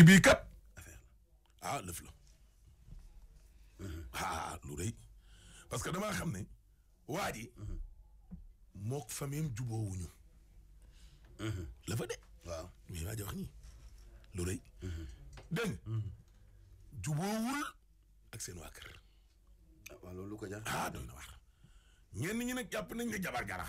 tey bii kat ah lëf la ah lu rëy parce que dama xam ne waa mhm. mook famiyam jubóowuñu mhm. la fa de waaw mais waa ji wax nii lu rëy mhm. dégg ak seen waa kër ah, waaw loolu lu ah, na wax jàpp nañ nga jabar gara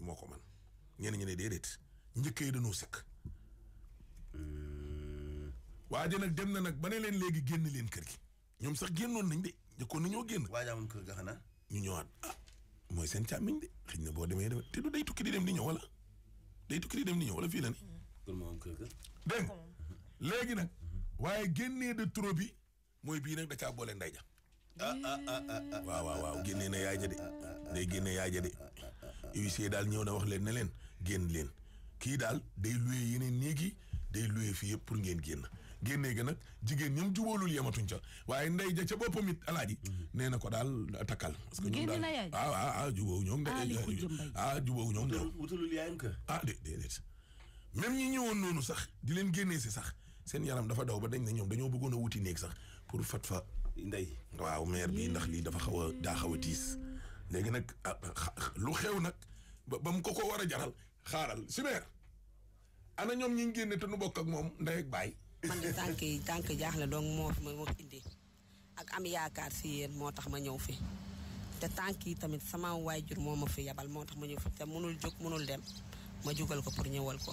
moo ko man ñenn ñi ne déedéet njëkkee dañoo sëkk mm. waa ji nag dem na nag ba ne leen léegi génn leen kër gi ñoom sax génnoon nañ de njëkkoon nañoo génn. waa kër ga ñu ñëwaat ah mooy seen càmmiñ de xëy na boo demee demee te du day tukki di dem di ñëw wala day tukki di dem di ñëw fii la ni. pour léegi nag. waaye génnee de trop bi mooy bii nag da caa boole ndey ja. Ah ah, ah ah ah waaw waaw waaw génnee na yaay ja de day génne yaay ja de huissier daal ñëw na wax leen ne leen génn leen kii daal day loué yeneen néeg yi day loué fii yëpp pour ngeen génn. génne ga nag jigéen ñoom jubóolul yematuñ ca waaye ndey ja ca boppam it alaaji nee na ko daal a takkal parce que ñoom daal ah ah ah jubóow ñoom ah jubóow ñoom de eh, eh, ah, wutulul yaayam ka ah dé déedéet même ñi ñëwoon noonu sax di leen génnee si sax seen yaram dafa daw ba dañ ne ñoom dañoo bëggoon a wuti néeg sax pour fat fa ndey waaw maire bi ndax lii dafa xaw a daa xaw a tiis léegi nag ah, lu xew nag ba mu ko ko war a jaral xaaral si maire ana ñoom ñi ngi génne te nu bokk ak moom ndey ak baay man de tànk yi tànk jaaxle donc moo fi ma indi ak am yaakaar si yéen moo tax ma ñëw fi te tànk yi tamit sama waay jur moo ma fi yabal moo tax ma ñëw fi te mënul jóg mënul dem ma jugal ko pour ñëwal ko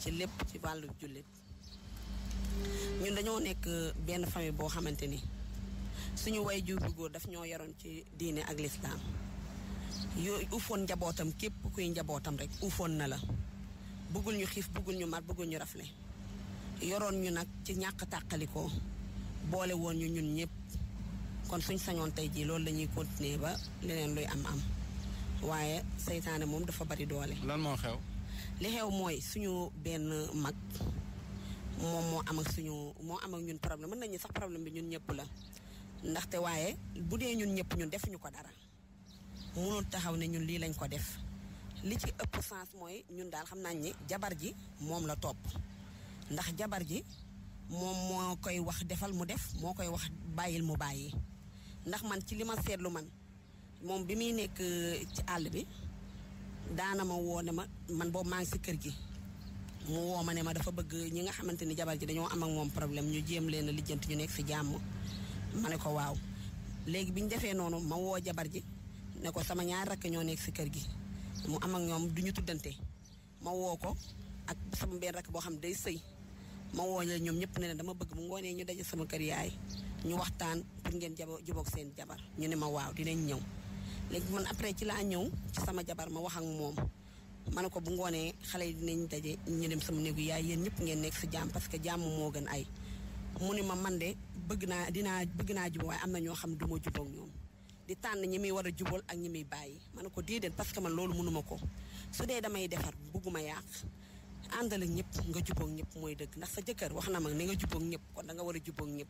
ci lépp ci wàllu jullit ñun dañoo nekk benn famille boo xamante ni suñu waajur bu góor daf ñoo yaroon ci diine ak lislaam yooyu uufoon njabootam képp kuy njabootam rek uufoon na la bëggul ñu xiif bëggul ñu mar bëggul ñu rafle yoroon ñu nag ci ñàkk tàqalikoo boole woon ñu ñun ñëpp kon suñ sañoon tey jii loolu lañuy ñuy ba leneen luy am am waaye seytaane moom dafa bari doole. lan moo xew. li xew mooy suñu benn mag moom moo am ak suñu moo am ak ñun problème mën nañu sax problème bi ñun ñëpp la ndaxte waaye bu dee ñun ñëpp ñun defuñu ko dara mënul taxaw ne ñun lii lañ ko def li ci ëpp sens mooy ñun daal xam nañ ni jabar ji moom la topp. ndax jabar ji moom moo koy wax defal mu def moo koy wax bàyyil mu bàyyi ndax man ci li ma seetlu man moom bi muy nekk euh, ci àll bi daana ma woo ne ma man boo maa ngi si kër gi mu woo ma ne ma dafa bëgg ñi nga xamante ni jabar ji dañoo am ak moom problème ñu jéem leen a lijjanti ñu nekk si jàmm ma ne ko waaw léegi bi ñu defee noonu ma woo jabar ji ne ko sama ñaar rakk ñoo nekk si kër gi mu am ak ñoom du ñu tuddante ma woo ko ak sama benn rek boo xam day sëy ma woo ñoom ñëpp ne dama bëgg mu ngoonee ñu daje sama kër yaay ñu waxtaan pour ngeen jabo juboog seen jabar ñu ne ma waaw dinañ ñëw léegi man après ci laa ñëw ci sama jabar ma wax ak moom ma ne ko bu ngoonee xale yi dinañ daje ñu dem sama néegu yaay yéen ñëpp ngeen nekk si jàmm parce que jàmm moo gën ay mu ne ma man de bëgg naa dinaa bëgg naa jubo waaye am na ñoo xam du ma jubóog ñoom di tànn ñi muy war a jubal ak ñi muy bàyyi ma ne ko déedéet parce que man loolu mënuma ko su dee damay defar bugguma yàq àndal ak ñëpp nga jubóog ñëpp mooy dëkk ndax sa jëkkër wax na ma ni nga jubóog ñëpp kon da nga war a jubóog ñëpp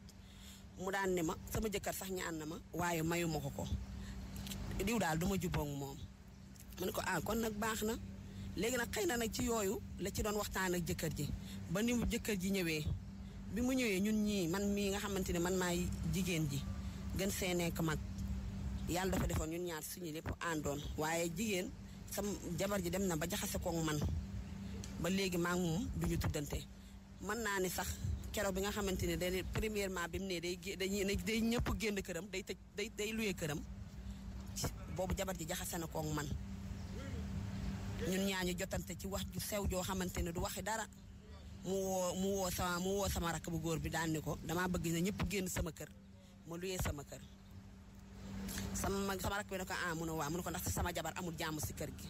mu daan ne ma sama jëkkër sax ñaan na ma waaye mayu ma ko ko diw daal du ma jubóog moom mu ko ah kon nag baax na léegi nag xëy na nag ci yooyu la ci doon waxtaan ak jëkkër ji ba ni jëkkër ji ñëwee bi mu ñëwee ñun ñii man mii nga xamante ne man maay jigéen ji gën see nekk mag yàlla dafa defoon ñun ñaar suñu lépp doon waaye jigéen sam jabar ji dem na ba jaxase koog man ba léegi maa ngi moom du ñu tuddante mën naa ni sax keroog bi nga xamante ne dañuy premièrement bi mu ne day dañuy ñëpp génn këram day tëj day day luye këram boobu jabar ji jaxase na koog man ñun ñaa ñu jotante ci wax ju sew joo xamante ne du waxi dara mu woo mu woo sama mu woo sama rakk bu góor bi daan ni ko damaa bëgg ne ñëpp génn sama kër ma luyee sama kër. sama sama rakk bi ne ko ah mu ne waaw mu ne ko ndax sama jabar amul jàmm si kër gi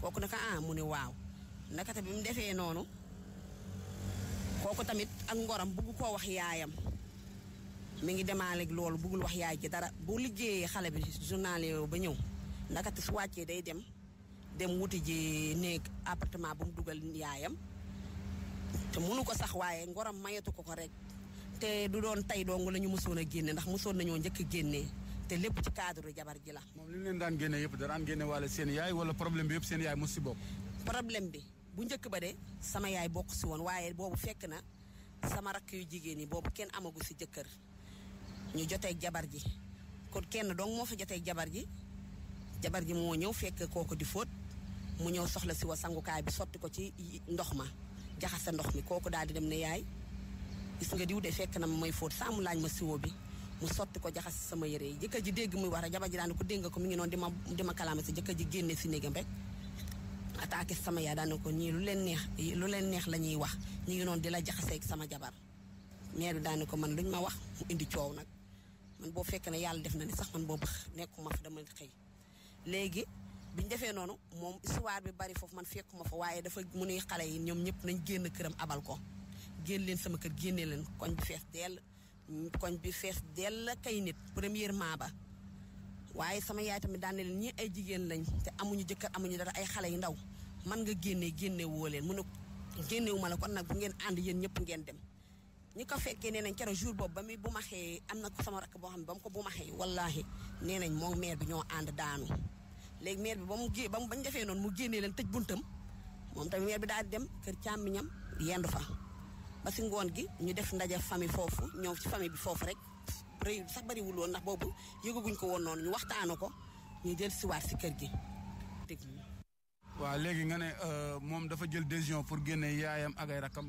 kooku ne ko ah mu ne waaw. nakate bi mu defee noonu kooku tamit ak ngoram bugg koo wax yaayam mu ngi demaaleeg loolu buggul wax yaay ci dara bu liggéeyee xale bi journalier ba ñëw nakate su wàccee day dem dem wuti ji néeg appartement bu mu dugal yaayam te mënu ko sax waaye ngoram mayatu ko ko rek te du doon tey dong la ñu mosoon a génne ndax mosoon nañoo njëkk a génnee te lépp ci cadre jabar ji la. moom li mu leen daan génne yëpp daan génne wala seen yaay wala problème bi yëpp seen yaay mos si bopp. problème bi bu njëkk ba de sama yaay bokk si woon waaye boobu fekk na sama rakk yu jigéen yi boobu kenn amagu si jëkkër ñu jotee jabar ji kon kenn dong moo fa jotee jabar ji jabar ji moo ñëw fekk kooku di fóot mu ñëw soxla si wa sangukaay bi sotti ko ci ndox ma jaxase ndox mi kooku daal di dem ne yaay gis nga diw de fekk na ma may fóot saa mu laaj ma siwo bi mu sotti ko jaxase sama yére yi jëkkër ji dégg muy wax a jabar ji daan ko dégg ko mi ngi noonu di ma di ma si jëkkër ji génne si néegam rek attaqué sama yaay daan ko ñii lu leen neex lu leen neex la ñuy wax ñu ngi noonu di la jaxaseeg sama jabar meer bi daan ko man luñ ma wax mu indi coow nag man boo fekkee ne yàlla def na ni sax man boo bëx nekkuma fa dama xëy léegi biñ defee noonu moom histoire bi bari foofu man fekkuma fa waaye dafa mu nuy xale yi ñoom ñëpp nañ génn këram abal ko génn leen sama kër génne leen koñ bi fees dell koñ bi fees dell kay nit premièrement ba waaye sama yaay tamit daan leen ñii ay jigéen lañ te amuñu amuñu dara ay xale yu ndaw man nga génne génne woo leen mu ne génnewuma la kon nag bu ngeen ànd yéen ñëpp ngeen dem ñi ko fekkee nee nañ keroog jour boobu ba muy bu maxee am na sama rakk boo xam ne ba ko bu maxee wallaahi nee nañ moom maire bi ñoo ànd daanu léegi maire bi ba mu gé ba mu bañ defee noonu mu génnee leen tëj buntam moom tamit maire bi daal di dem kër càmmiñam yendu fa ba si ngoon gi ñu def ndaje famille foofu ñoom ci famille bi foofu rek rëy sax bariwul woon ndax boobu yëgaguñ ko woon noonu ñu waxtaanu ko ñu jël siwaat si kër gi waaw léegi nga ne euh, moom dafa jël décision pour génne yaayam ak ay rakkam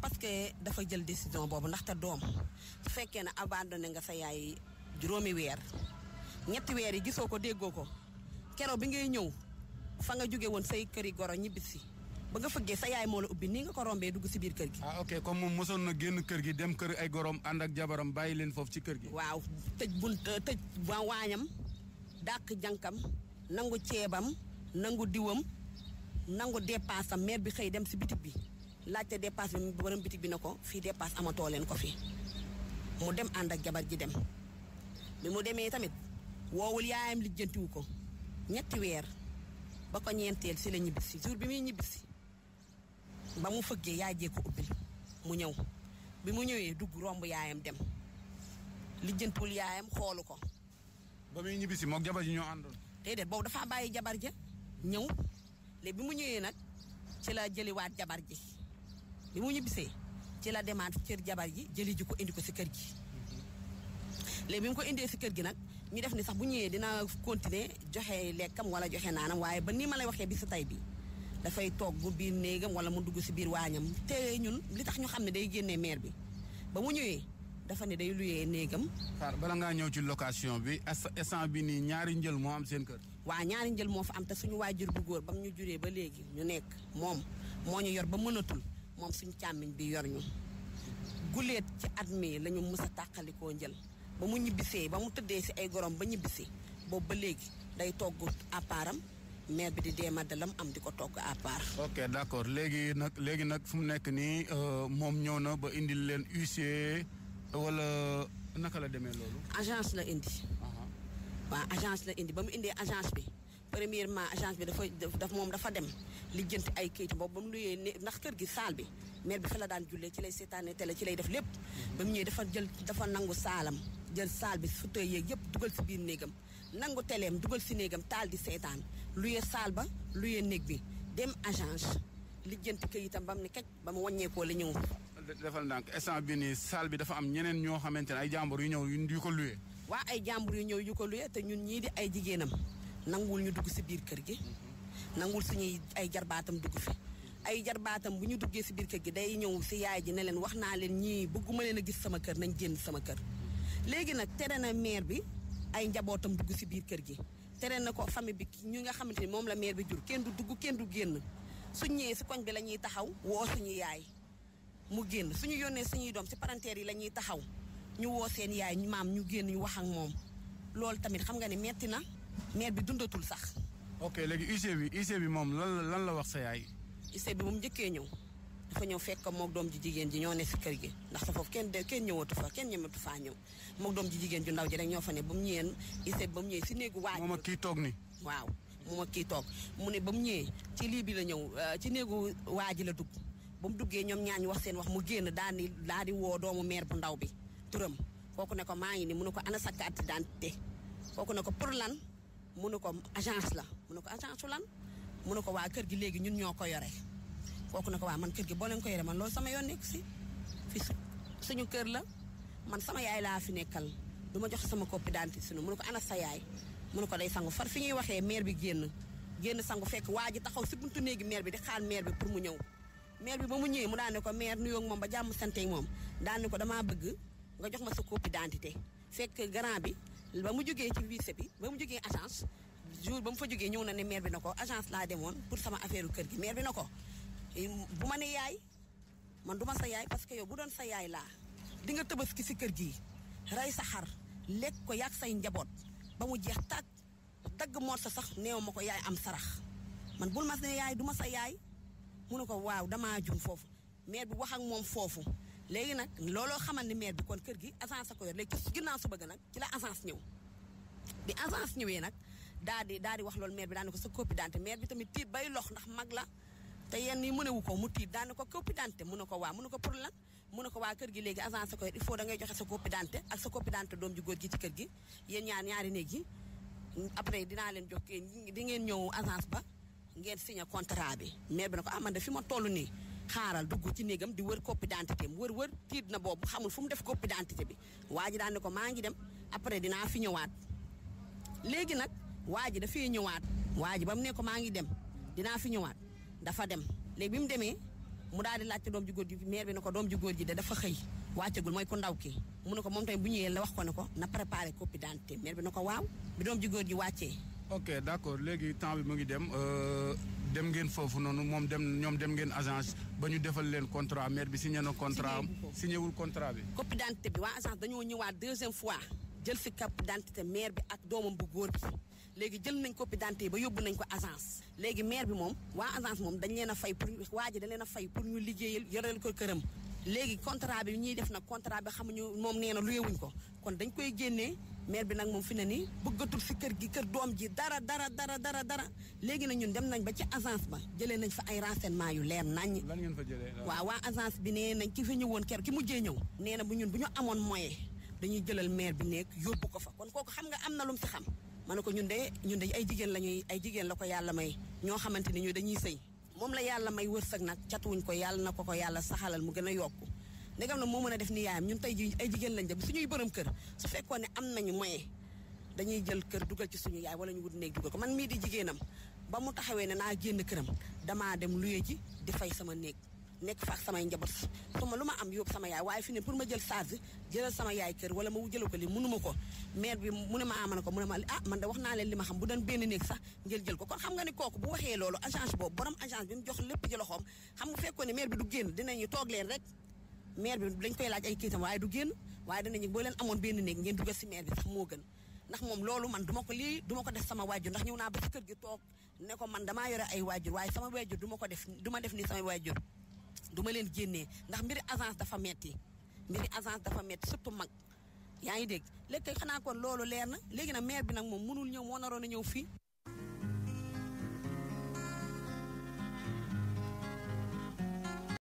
parce que dafa jël décision boobu ndaxte doom su fekkee ne abandonné nga sa yaay juróomi weer ñetti weer yi gisoo ko déggoo ko kero bi ngay ñëw fa nga jóge woon say kër këri goro ñibbisi ba nga fëggee sa yaay moo la ubbi nii nga ko rombee dugg si biir kër gi. ah ok comme moom mosoon na génn kër gi dem kër ay gorom ànd ak jabaram bàyyi leen foofu ci kër gi. waaw tëj bunt tëj waañam dàq jànkam nangu ceebam. nangu diwam nangu dépasse am bi xëy dem si bitig bi laajte dépasse bi borom bitig bi na ko fii dépasse amatoo leen ko fii mu dem ànd ak jabar ji dem bi mu demee tamit woowul yaayam lijjantiwu ko ñetti weer ba ko ñeenteel si la ñibbisi jour bi muy ñibbisi ba mu fëggee yaay jee ko ubbil mu ñëw bi mu ñëwee dugg romb yaayam dem lijjantiwul yaayam xoolu ko ba muy ñibbisi moog jabar ji ñoo àndoon déedéet boobu dafa bàyyi jabar ja ñëw léegi bi mu ñëwee nag ci la jëliwaat jabar ji bi mu ñibbisee ci la demaat cër jabar ji jëli ji ko indi ko si kër gi. léegi bi mu ko indee si kër gi nag ñu def ni sax bu ñëwee dina continuer joxe lekkam wala joxe naanam waaye ba nii ma lay waxee bi si tay bi dafay toog bu biir néegam wala mu dugg si biir waañam te ñun li tax ñu xam ne day génnee maire bi ba mu ñëwee dafa ne day luyee néegam. xaar bala ngaa ñëw ci location bi instant bi nii ñaari njël moo am seen kër. waa ñaari njël moo fa am te suñu waajur bu góor ba ñu juree ba léegi ñu nekk moom moo ñu yor ba mënatul moom suñ càmmiñ bi yor ñu guleet ci at mi la ñu tàqalikoo njël ba mu ñibbisee ba mu tëddee si ay gorom ba ñibbisi boobu ba léegi day togg àppaaram maire bi di deema dalam am di ko togg àppaar ok d'accord léegi nag léegi nag fu mu nekk nii euh, moom ñëw na ba indil leen huissier wala naka la demee loolu agence la indi waa agence la indi ba mu indee agence bi premièrement agence bi dafa moom dafa dem lijjanti ay kayit boobu ba mu luyee ne ndax kër gi saal bi maire bi la daan jullee ci lay seetaane télé ci lay def lépp ba mu ñëwee dafa jël dafa nangu saalam jël saal bi fauteuil yeeg yëpp dugal si biir néegam nangu teleem dugal si néegam taal di seetaan luyee saal ba luyee néeg bi dem agence lijjanti kayitam ba mu ne kaj ba mu waññeekoo la ñëw defal ndànk instant bi nii saal bi dafa am ñeneen ñoo xamante ne ay jàmbur yu ñëw yu ko luye waa ay jàmbur yu ñëw yu ko luye te ñun ñii di ay jigéenam nanguwul ñu dugg si biir kër gi nangul suñuy ay jarbaatam dugg fi ay jarbaatam bu ñu duggee si biir kër gi day ñëw si yaay ji leen wax naa leen ñii bëgguma leen a gis sama kër nañ génn sama kër léegi nag tere na maire bi ay njabootam dugg si biir kër gi tere na ko famille bi ñu nga xamante ni moom la maire bi jur kenn du dugg kenn du génn suñ ñëwee si koñ bi la ñuy taxaw woo suñu yaay mu génn suñu yónnee suñuy doom si parenteer yi la ñuy taxaw ñu woo seen yaay maam ñu génn ñu wax ak moom loolu tamit xam nga ne metti na maire bi dundatul sax. ok léegi UG bi UG bi moom lan la lan la wax sa yaay. UG bi moom njëkkee ñëw dafa ñëw fekk moog doom ji jigéen ji ñoo ne si kër gi ndax sa kenn de kenn ñëwatu fa kenn ñëwatu faa ñëw moog doom ji jigéen ju ndaw ji rek ñoo fa ne ba mu ñëwee UG ba ñëwee si néegu waaj. moom ak kii toog ni waaw moom ak kii toog mu ne ba mu ñëwee ci lii bi la ñëw euh, ci néegu waaj la dugg ba mu duggee ñoom ñaañ wax seen wax mu génn daal ni daal di woo doomu maire bu ndaw bi turam koku ne ko maa ni munuko ana sa carte d'identité koku ne ko pour lan munuko agence la munuko agence lan munuko wa gi legi ñun ñoko yoré koku ne ko wa man kër gi bo leen ko yoré man lo sama yoni ci fi suñu kër la man sama yaay la fi nekkal duma jox sama copie d'identité sunu munuko ana sa yaay munuko day sangu far fi ñuy waxé maire bi génn génn sangu fekk waa taxaw ci buntu néegi maire bi di xaar maire bi pour mu ñew maire bi ba mu mu ko maire ak mom ba jamm ak mom ko dama bëgg nga jox ma sa copie d'identité fekk grand bi ba mu jógee ci lycée bi ba mu jógee agence jour ba mu fa jógee ñëw na ne maire bi na ko agence laa demoon pour sama affaire kër gi maire bi na ko eh, bu ma ne yaay man du ma sa yaay parce que yow bu doon sa yaay laa di nga tëbaski si kër gii rey sa xar lekk ko yàq say njaboot ba mu jeex tàkk dagg morso sax néew ma ko yaay am sarax man bul ma yaay du ma sa yaay mu ko waaw damaa jum foofu maire bi wax ak moom foofu léegi nag looloo xamal ni maire bi kon kër gi agence ko yor léegi ci ginnaaw su bëgg nag ci la agence ñëw bi agence ñëwee nag daa di daa di wax loolu maire bi daane ko sa copie d'identité maire bi tamit tiit bay lox ndax mag la te yenn yi mënewu ko mu tiit daane ko copie mu ne ko waa mu ne ko pour la mu ne ko waa kër gi léegi agence ko yor il faut da ngay joxe sa copie d'identité ak sa copie d'identité doom ji gi ci kër gi yéen ñaar ñaari néeg yi après dinaa leen jox di ngeen ñëw agence ba ngeen signé contrat bi maire bi ne ko ah man de fi ma toll nii xaaral dugg ci néegam di wër copie d'identité am wër wër tiit na boobu xamul fu mu def copie d'identité bi waa ji daan ne ko maa ngi dem après dinaa fi ñëwaat léegi nag waa ji dafay ñëwaat waa ji ba mu ne maa ngi dem dinaa fi ñëwaat dafa dem léegi bi mu demee mu daal di laajte doom ju góor ji maire bi ne ko doom ju góor ji de dafa xëy wàccagul mooy ku ndaw ki mu ne ko moom tamit bu ñëwee la wax ko ne ko na préparé copie d'identité maire bi ne ko waaw bi doom ju góor ji wàccee ok d'accord léegi temps bi mu ngi dem euh, dem ngeen foofu noonu moom dem ñoom dem ngeen agence ba ñu defal leen contrat maire bi signé na contrat am signé wul contrat bi. copie d'identité bi waa agence dañoo ñëwaat deuxième fois jël fi copie d'identité maire bi ak doomam bu góor bi léegi jël nañ copie d'identité ba yóbbu nañ ko agence. léegi maire bi moom waa agence moom dañ leen a fay pour waa ji dañ a fay pour ñu liggéeyal yoreel ko këram. léegi contrat bi ñuy def nag contrat bi xamuñu moom nee na luyewuñ ko kon dañ koy génnee. maire bi nag moom fi ne nii bëggatul si kër gi kër doom ji dara dara dara dara dara léegi na ñun dem nañ ba ci agence ba jëlee nañ fa ay renseignement yu leer nañ lan ngeen fa jëlee waaw agence bi nee nañ ki fi ñëwoon kër ki jee ñëw nee na bu ñun bu ñu amoon moyen dañuy jëlal maire bi nekk yóbbu ko fa kon kooku xam nga am na lum fi xam ma ne ko ñun de ñun de ay jigéen la ñuy ay jigéen la ko yàlla may ñoo xamante ni ñu dañuy sëy moom la yàlla may wërsëg nag catuwuñ ko yàlla na ko ko yàlla saxalal mu gën a yokku ndegam na moo mën a def ni yaayam ñun tey ji ay jigéen lañ dem suñuy borom kër su fekkoon ne am nañu moyen dañuy jël kër dugal ci suñu yaay wala ñu wut néeg dugal ko man mii di jigéenam ba mu taxawee ne naa génn këram damaa dem luye ji di fay sama néeg nekk faak samay njaboot su ma lu ma am yóbbu sama yaay waaye fi ne pour ma jël charge jëlal sama yaay kër wala ma jëlal ko li mënuma ko maire bi mu ne ma ama ah, na ko ah man da wax naa leen li ma xam bu doon benn néeg sax ngeen jël ko kon xam nga ni kooku bu waxee loolu agence boobu borom agence bi mu jox lépp ci loxoom xam nga fekkoon ne maire bi du génn dinañu toog leen rek maire bi dañ koy laaj ay kayitam waaye du génn waaye danañu boo leen amoon benn néeg ngeen dugal si maire bi sax moo gën ndax moom loolu man duma ko lii duma ko def sama waajur ndax ñëw naa ba si kër gi toog ne ko man dama yore ay waajur waaye sama waajur duma ko def duma def ni sama waajur duma leen génnee ndax mbiri agence dafa metti mbiri agence dafa metti surtout mag yaa ngi dégg léegi xanaa kon loolu leer na léegi nag maire bi nag moom mënul ñëw moo naroon a ñëw fii